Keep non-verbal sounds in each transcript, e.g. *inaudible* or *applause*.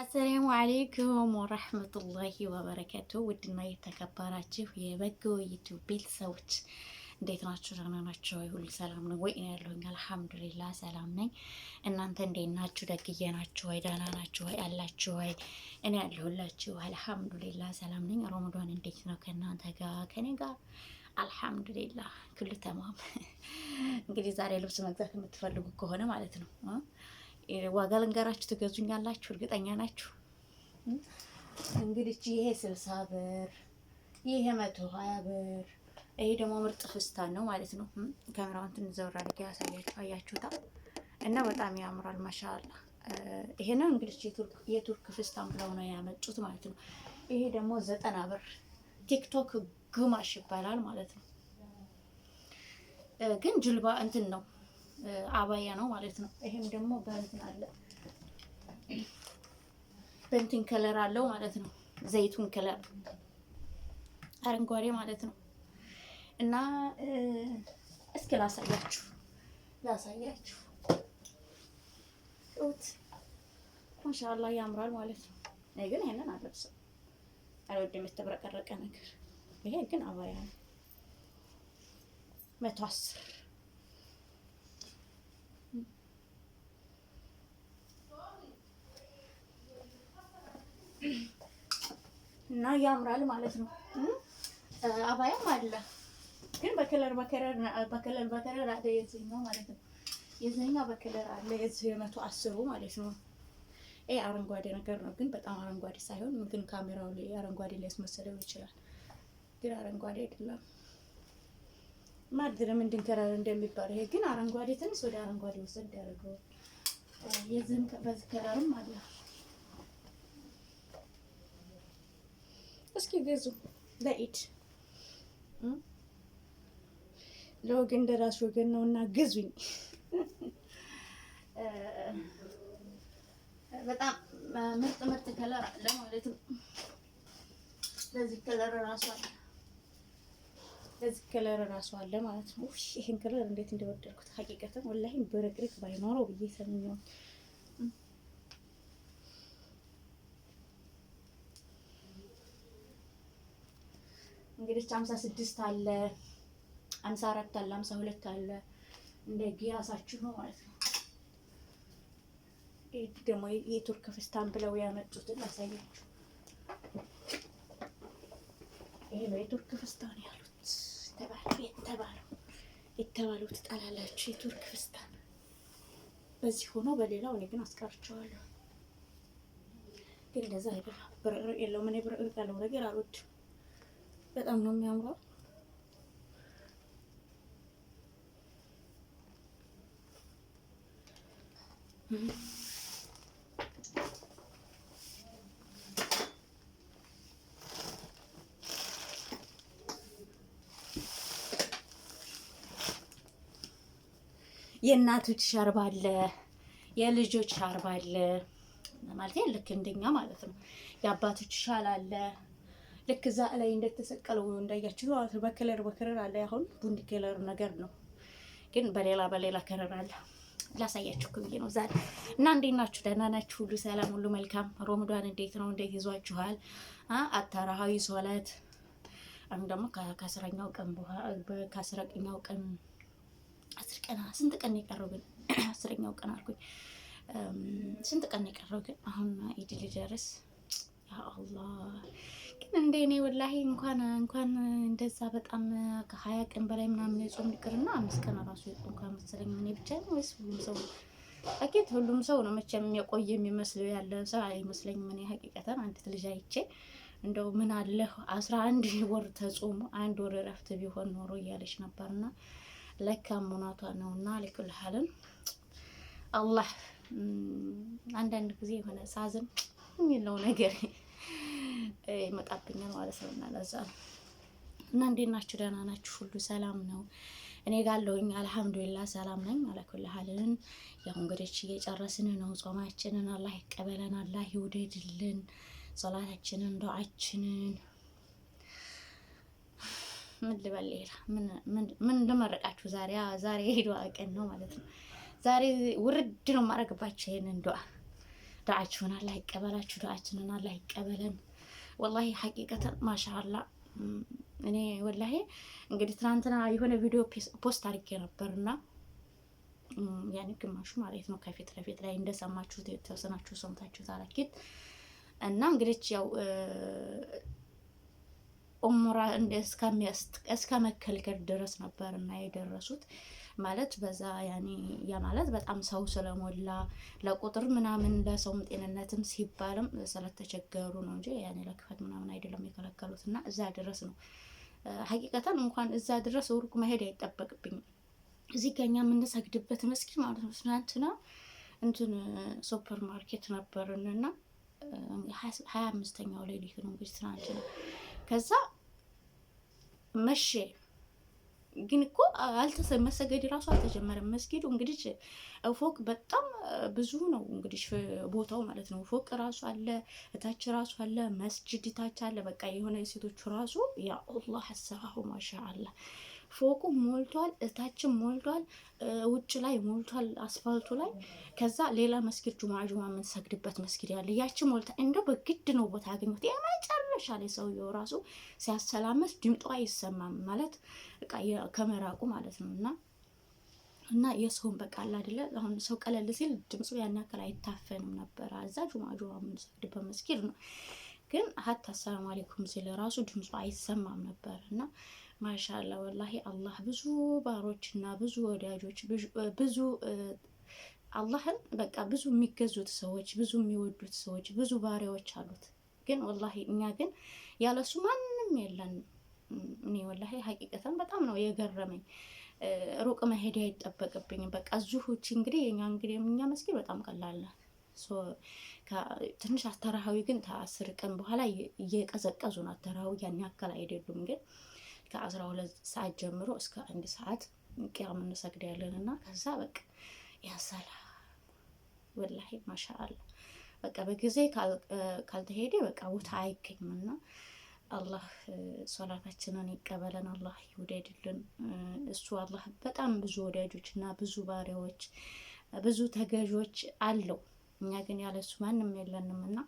አሰላሙ አሌይኩም ወረህመቱላሂ ወበረከቱ። ውድና የተከበራችሁ የበጎ ዩቲዩብ ቤተሰቦች እንዴት ናችሁ? ደህና ናችሁ ወይ? ሁሉ ሰላም ነው ወይ? እኔ ያለሁኝ አልሐምዱሊላህ ሰላም ነኝ። እናንተ እንዴት ናችሁ? ደግዬ ናችሁ ወይ? ደህና ናችሁ ወይ? አላችሁ ወይ? እኔ ያለሁላችሁ አልሐምዱሊላህ ሰላም ነኝ። ረመዷን እንዴት ነው ከእናንተ ጋር? ከኔ ጋር አልሐምዱሊላህ ክሉ ተማም። እንግዲህ ዛሬ ልብስ መግዛት የምትፈልጉ ከሆነ ማለት ነው ዋጋ ልንገራችሁ፣ ትገዙኛላችሁ፣ እርግጠኛ ናችሁ። እንግዲህ ይሄ ስልሳ ብር፣ ይሄ መቶ ሀያ ብር። ይሄ ደግሞ ምርጥ ፍስታን ነው ማለት ነው። ካሜራውን ትንሽ ዘወር አድርጌ ያሳያችሁ፣ አያችሁታ እና በጣም ያምራል። ይሄ ነው እንግዲህ የቱርክ ፍስታን ብለው ነው ያመጡት ማለት ነው። ይሄ ደግሞ ዘጠና ብር ቲክቶክ ግማሽ ይባላል ማለት ነው። ግን ጅልባ እንትን ነው አባያ ነው ማለት ነው። ይሄም ደግሞ በእንትን አለ በእንትን ከለር አለው ማለት ነው። ዘይቱን ከለር አረንጓዴ ማለት ነው። እና እስኪ ላሳያችሁ ላሳያችሁ ት ማሻላ ያምራል ማለት ነው። እኔ ግን ይሄንን አለብስም አልወድም የተብረቀረቀ ነገር። ይሄ ግን አባያ ነው መቶ አስር እና ያምራል ማለት ነው። አባያም አለ ግን በከለር በከለር በከለር በከለር አለ የዚህኛው ማለት ነው። የዚህኛው በከለር አለ የዚህ የመቶ አስሩ ማለት ነው። ይሄ አረንጓዴ ነገር ነው ግን በጣም አረንጓዴ ሳይሆን ግን ካሜራው ላይ አረንጓዴ ሊያስመሰለው ይችላል። ግን አረንጓዴ አይደለም። ማድረም እንድንከራር እንደሚባለው ይሄ ግን አረንጓዴ ትንሽ ወደ አረንጓዴ ወሰድ ያደርገዋል። የዚህም በዚህ ከለርም አለ እስኪ ገዙ ለኢድ ለወገን ደራሽ ወገን ነው እና ግዙኝ። በጣም ምርጥ ምርጥ ከለር አለ ማለትም ለዚህ ከለር ራሱ አለ ለዚህ ከለር ራሱ አለ ማለት ነው። ይሄን ከለር እንዴት እንደወደድኩት ሀቂቀትን ወላሂን በረቅሪክ ባይኖረው ብዬ ሰምኛው። እንግዲህ ሀምሳ ስድስት አለ ሀምሳ አራት አለ ሀምሳ ሁለት አለ እንደ ጊያሳችሁ ነው ማለት ነው። ይህ ደግሞ የቱርክ ፍስታን ብለው ያመጡትን ያሳያችሁ። ይሄ ነው የቱርክ ፍስታን ያሉት የተባለው የተባለው የተባለው ትጣላላችሁ። የቱርክ ፍስታን በዚህ ሆኖ በሌላው እኔ ግን አስቀርቸዋለሁ። ግን እንደዛ አይደለም። የለውም። እኔ ብርቅርቅ ያለው ነገር አልወድም። በጣም ነው የሚያምረው። የእናቶች ሻርባ አለ፣ የልጆች ሻርባ አለ ማለት ልክ እንደኛ ማለት ነው። የአባቶች ሻል አለ ልክ እዛ ላይ እንደተሰቀለው እንዳያችሉ በከለር በከለር አለ። አሁን ቡንድ ከለር ነገር ነው፣ ግን በሌላ በሌላ ከለር አለ። ላሳያችሁ ብዬ ነው ዛሬ። እና እንዴት ናችሁ? ደህና ናችሁ? ሁሉ ሰላም፣ ሁሉ መልካም። ሮምዷን እንዴት ነው? እንዴት ይዟችኋል? አታራሃዊ ሶላት አሁን ደግሞ ከአስረኛው ቀን በኋላ ከአስረኛው ቀን አስር ቀን ስንት ቀን የቀረው ግን *clears throat* አስረኛው ቀን አልኩኝ። ስንት ቀን የቀረው ግን አሁን ኢድ ሊደርስ ያ አላህ ግን እንደ እኔ ወላሂ እንኳን እንኳን እንደዛ በጣም ከሀያ ቀን በላይ ምናምን የጾም ይቅርና አምስት ቀን ራሱ የጾም እንኳን መሰለኝ እኔ ብቻ ነው ወይስ ሁሉም ሰው አኬት ሁሉም ሰው ነው መቼም የቆየ የሚመስለው ያለ ሰው አይመስለኝም። እኔ ሀቂቀተን አንዲት ልጅ አይቼ እንደው ምን አለ አስራ አንድ ወር ተጾሙ አንድ ወር እረፍት ቢሆን ኖሮ እያለች ነበርና ለካ ሙናቷ ነው ነውና ለኩልሃልን አላህ አንዳንድ ጊዜ የሆነ ሳዝን የሚለው ነገር ይመጣብኛል ማለት ነው እና ለዛ ነው እና እንዴት ናችሁ? ደህና ናችሁ? ሁሉ ሰላም ነው? እኔ ጋለሁኝ አልሐምዱሊላህ ሰላም ነኝ። አላኩልሃልን ያው እንግዲህ እየጨረስን ነው ጾማችንን። አላህ ይቀበለን፣ አላህ ይውደድልን። ጸሎታችንን፣ ዱዓችንን ምን ልበል ሌላ ምን እንደመረቃችሁ ዛሬ ዛሬ ዱዓ ቀን ነው ማለት ነው። ዛሬ ውርድ ነው የማደርግባችሁ ይሄንን ዱዓ። ዱዓችሁን አላህ ይቀበላችሁ፣ ዱዓችንን አላህ ይቀበለን። ወላሂ ሐቂቀተን ማሻላ እኔ ወላሂ እንግዲህ ትናንትና የሆነ ቪዲዮ ፖስት አድርጌ ነበርና ያኔ ግማሹ ማለት ነው ከፊት ለፊት ላይ እንደሰማችሁት የተወሰናችሁ ሰምታችሁ ታላኪት እና እንግዲህ ያው ኡምራ እስከ መከልከል ድረስ ነበርና የደረሱት ማለት በዛ ያኔ ያ ማለት በጣም ሰው ስለሞላ ለቁጥር ምናምን ለሰውም ጤንነትም ሲባልም ስለተቸገሩ ነው እንጂ ያኔ ለክፈት ምናምን አይደለም የከለከሉት እና እዛ ድረስ ነው ሀቂቀተን እንኳን እዛ ድረስ ሩቅ መሄድ አይጠበቅብኝም። እዚህ ከኛ የምንሰግድበት መስጊድ ማለት ነው። ትናንትና እንትን ሱፐር ማርኬት ነበርን ነበርንና ሀያ አምስተኛው ሌሊት ነው እንግዲህ ትናንትና ከዛ መሼ ግን እኮ መሰገድ ራሱ አልተጀመረም። መስጊዱ እንግዲህ ፎቅ በጣም ብዙ ነው እንግዲህ ቦታው ማለት ነው። ፎቅ ራሱ አለ፣ እታች ራሱ አለ፣ መስጅድ ታች አለ። በቃ የሆነ ሴቶቹ ራሱ ያ አላህ አሰራሁ ፎቁ ሞልቷል፣ እታችን ሞልቷል፣ ውጭ ላይ ሞልቷል፣ አስፋልቱ ላይ። ከዛ ሌላ መስጊድ ጁማ ጁማ የምንሰግድበት መስጊድ ያለ ያችን ሞልታ እንደው በግድ ነው ቦታ ያገኘት የመጨረሻ ላይ ሰውየው ራሱ ሲያሰላመስ ድምጧ አይሰማም ማለት ከመራቁ ማለት ነው እና እና የሰውን በቃል አይደለ አሁን ሰው ቀለል ሲል ድምፁ ያናከል አይታፈንም ነበረ። እዛ ጁማ ጁማ የምንሰግድበት መስጊድ ነው ግን ሀታ አሰላሙ አሌይኩም ሲል ራሱ ድምፁ አይሰማም ነበር እና ማሻላ ወላሂ አላህ ብዙ ባሮችና ብዙ ወዳጆች ብዙ አላህን በቃ ብዙ የሚገዙት ሰዎች ብዙ የሚወዱት ሰዎች ብዙ ባሪያዎች አሉት። ግን ወላሂ እኛ ግን ያለሱ ማንም የለን። እኔ ወላሂ ሀቂቀተን በጣም ነው የገረመኝ። ሩቅ መሄድ አይጠበቅብኝም። በቃ እዚሁች እንግዲህ የኛ እንግዲህ የኛ መስጊድ በጣም ቀላል ትንሽ አተራሃዊ ግን ከአስር ቀን በኋላ እየቀዘቀዙ ነው። አተራሃዊ ያን ያክል አይደሉም ግን ከአስራ ሁለት ሰዓት ጀምሮ እስከ አንድ ሰዓት ቅያም ያለን እና ከዛ በቃ ያሰላ ወላሂ ማሻአላ በቃ በጊዜ ካልተሄደ በቃ ቦታ አይገኝም እና አላህ ሶላታችንን ይቀበለን፣ አላህ ይውደድልን። እሱ አላህ በጣም ብዙ ወዳጆች እና ብዙ ባሪያዎች፣ ብዙ ተገዦች አለው። እኛ ግን ያለሱ ማንም የለንም እና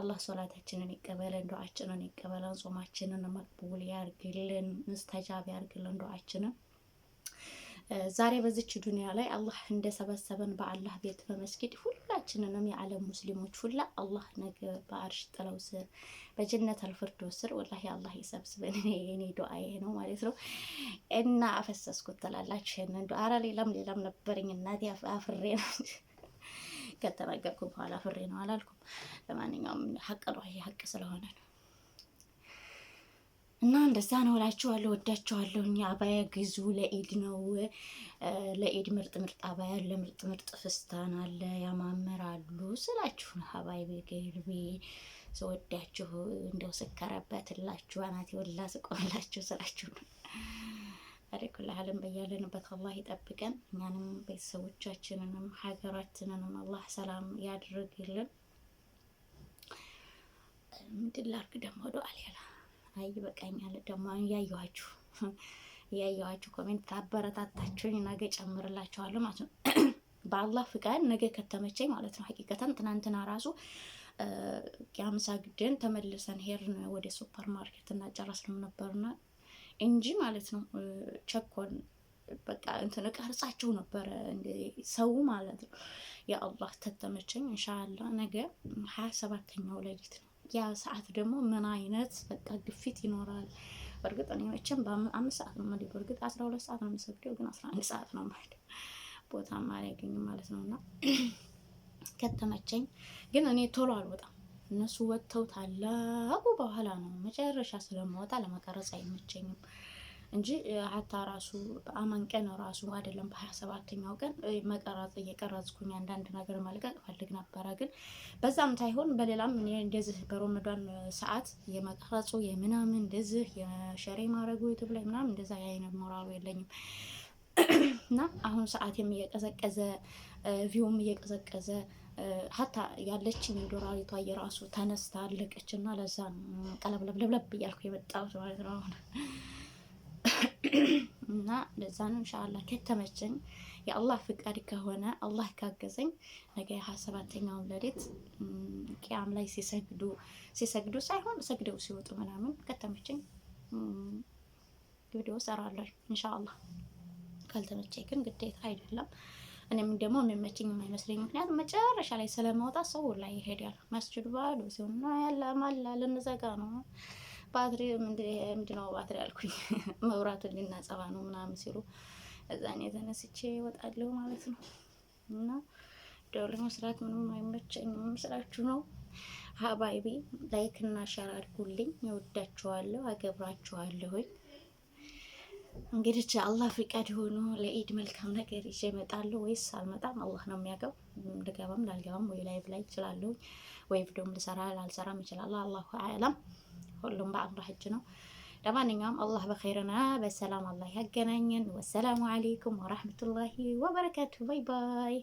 አላህ ሶላታችንን ይቀበለን፣ ዱዓችንን ይቀበለን፣ ጾማችንን መቅቡል ያርግልን፣ ምስተጃብ ያርግልን ዱዓችንን። ዛሬ በዚች ዱንያ ላይ አላህ እንደሰበሰበን በአላህ ቤት በመስጊድ ሁላችንንም የዓለም ሙስሊሞች ሁላ አላህ ነገ በአርሽ ጥለው ስር በጀነት አልፍርዶ ስር ወላሂ አላህ ይሰብስበን። የኔ ዱዓዬ ነው ማለት ነው። እና አፈሰስኩት ትላላችሁ ይሄንን ዱዓ። ኧረ ሌላም ሌላም ነበረኝ እናቴ አፍሬ ነው ከተረጋግኩ በኋላ ፍሬ ነው አላልኩም። ለማንኛውም ሀቅ ነው፣ ይሄ ሀቅ ስለሆነ ነው። እና እንደዛ ነው እላችኋለሁ። ወዳችኋለሁ። እኛ አባያ ግዙ፣ ለኢድ ነው። ለኢድ ምርጥ ምርጥ አባያ አለ፣ ምርጥ ምርጥ ፍስታን አለ፣ ያማምራሉ ስላችሁ ነው። አባይ ቤገልቢ ሰወዳችሁ እንደው ስከረበትላችሁ አናቴ ወላ ስቆላችሁ ስላችሁ ነው። ኩል ዓለም በያለንበት አላህ ይጠብቀን። እኛንም ቤተሰቦቻችንንም ሀገራችንንም አላህ ሰላም ያድርግልን። ምንድን ላድርግ ደግሞ ዶ አሌላ አይ በቃኛል። ደግሞ እያየኋችሁ *laughs* እያየኋችሁ ኮሜንት ታበረታታችሁኝ ነገ ጨምርላችኋለሁ ማለት ነው። *clears throat* በአላህ ፍቃድ ነገ ከተመቸኝ ማለት ነው። ሀቂቀተን ትናንትና ራሱ የአምሳ ግድን ተመልሰን ሄርን ወደ ሱፐር ማርኬት እና ጨረስንም ነበርና እንጂ ማለት ነው ቸኮን በቃ እንትን ቀርጻቸው ነበረ ሰው ማለት ነው። የአላህ አላህ ተተመቸኝ። እንሻላ ነገ ሀያ ሰባተኛው ሌሊት ነው። ያ ሰዓት ደግሞ ምን አይነት በቃ ግፊት ይኖራል። በእርግጥ እኔ መቼም በአምስት ሰዓት ነው የምሄደው። በእርግጥ አስራ ሁለት ሰዓት ነው የምሰግደው፣ ግን አስራ አንድ ሰዓት ነው የምሄደው። ቦታም አላገኝም ማለት ነው እና *clears throat* ከተመቸኝ ግን እኔ ቶሎ አልወጣም እነሱ ወጥተው ታላቁ በኋላ ነው መጨረሻ ስለማወጣ ለመቀረጽ አይመቸኝም እንጂ ሀታ ራሱ በአማን ቀን ራሱ አይደለም በሀያ ሰባተኛው ቀን መቀረጽ እየቀረጽኩኝ አንዳንድ ነገር መልቀቅ ፈልግ ነበረ። ግን በዛም ሳይሆን በሌላም እንደዚህ በሮመዷን ሰዓት የመቀረጹ የምናምን እንደዚህ የሸሬ ማድረጉ ዩቱብ ላይ ምናምን እንደዛ የአይነት ሞራሉ የለኝም እና አሁን ሰዓትም እየቀዘቀዘ ቪውም እየቀዘቀዘ ሀታ ያለችን የዶራዊቷ የራሱ ተነስታ አለቀች እና ለዛ ቀለብለብለብለብ እያልኩ የመጣሁት ማለት ነው። አሁን እና ለዛን እንሻላ ከተመቸኝ የአላህ ፍቃድ ከሆነ አላህ ካገዘኝ ነገ የሀያ ሰባተኛውን ለሌት ቅያም ላይ ሲሰግዱ ሲሰግዱ ሳይሆን ሰግደው ሲወጡ ምናምን ከተመቸኝ ቪዲዮ ሰራለሁ እንሻላ። ካልተመቸኝ ግን ግዴታ አይደለም። እኔም ደግሞ የሚመችኝ የማይመስለኝ ምክንያቱም መጨረሻ ላይ ስለመውጣት ሰው ላይ ይሄዳል። መስጅድ ባዶ ሲሆን ያለ ማላ ልንዘጋ ነው ባትሪ ምንድነው ባትሪ አልኩኝ *laughs* መብራቱን ልናጸባ ነው ምናምን ሲሉ እዛኔ የተነስቼ እወጣለሁ ማለት ነው። እና ደውል መስራት ምንም አይመቸኝም ስላችሁ ነው። ሀባይቢ ላይክ እና ሸር አድርጉልኝ። እወዳችኋለሁ፣ አገብራችኋለሁኝ እንግዲህ አላህ ፍቃድ ሆኖ ለኢድ መልካም ነገር ይዤ እመጣለሁ ወይስ አልመጣም፣ አላህ ነው የሚያውቀው። ልገባም ላልገባም ወይ ላይቭ ላይ እችላለሁ ወይ ቪዲዮም ልሰራ ላልሰራም እችላለሁ። አላሁ አዕለም። ሁሉም በአላህ እጅ ነው። ለማንኛውም አላህ በኸይርና በሰላም አላህ ያገናኘን። ወሰላሙ አሌይኩም ወራህመቱላሂ ወበረካቱ። ባይ ባይ።